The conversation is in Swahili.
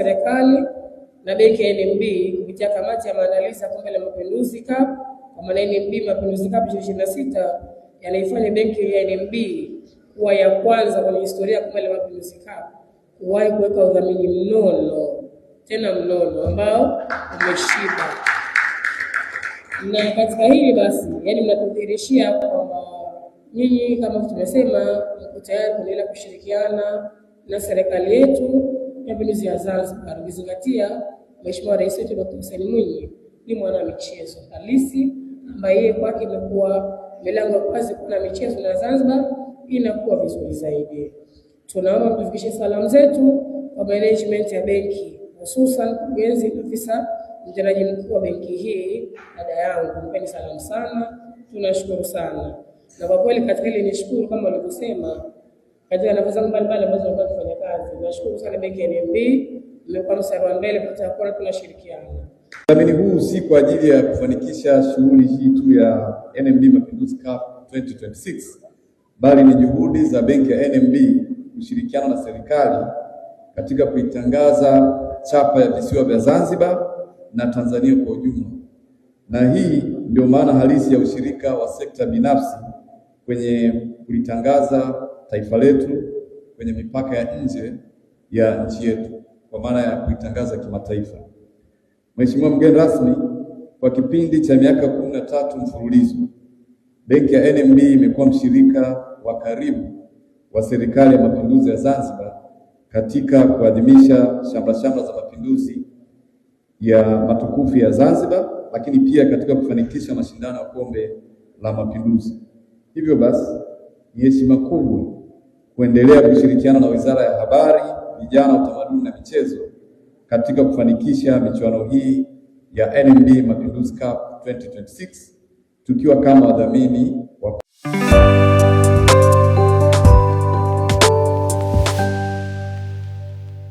serikali na benki ya NMB kupitia kamati ya maandalizi ya kombe la mapinduzi CUP kwa maana NMB mapinduzi CUP ishirini yanaifanya benki ya NMB kuwa ya kwanza kwenye historia ya kombe la mapinduzi CUP kuwahi kuweka udhamini mnono tena mnono ambao umeshiba. Na katika hili basi, yani mnatudhihirishia kwamba nyinyi kama tumesema, mko tayari kuendelea kushirikiana na serikali yetu revenues ya Zanzibar, ukizingatia Mheshimiwa Rais wetu Dr. Hussein Mwinyi ni mwana michezo halisi ambaye yeye kwake imekuwa milango ya kazi kuna michezo na Zanzibar inakuwa vizuri zaidi. Tunaomba mtufikishe salamu zetu kwa management ya benki, hususan mkurugenzi, afisa mtendaji mkuu wa benki hii, dada yangu, mpeni salamu sana, tunashukuru sana na kwa kweli katika ile nishukuru kama walivyosema katika nafasi zangu mbalimbali ambazo nilikuwa tukifanya kazi. Nashukuru sana benki ya NMB, mmekuwa mstari wa mbele kupata kuona tunashirikiana. Udhamini huu si kwa ajili ya kufanikisha shughuli hii tu ya NMB Mapinduzi Cup 2026 bali ni juhudi za benki ya NMB kushirikiana na serikali katika kuitangaza chapa ya visiwa vya Zanzibar na Tanzania kwa ujumla, na hii ndio maana halisi ya ushirika wa sekta binafsi kwenye kulitangaza taifa letu kwenye mipaka ya nje ya nchi yetu kwa maana ya kuitangaza kimataifa. Mheshimiwa mgeni rasmi, kwa kipindi cha miaka kumi na tatu mfululizo benki ya NMB imekuwa mshirika wa karibu wa serikali ya mapinduzi ya Zanzibar katika kuadhimisha shamba za mapinduzi ya matukufu ya Zanzibar, lakini pia katika kufanikisha mashindano ya kombe la mapinduzi. Hivyo basi ni heshima kubwa kuendelea kushirikiana na Wizara ya Habari, Vijana, Utamaduni na Michezo katika kufanikisha michuano hii ya NMB Mapinduzi Cup 2026 tukiwa kama wadhamini wa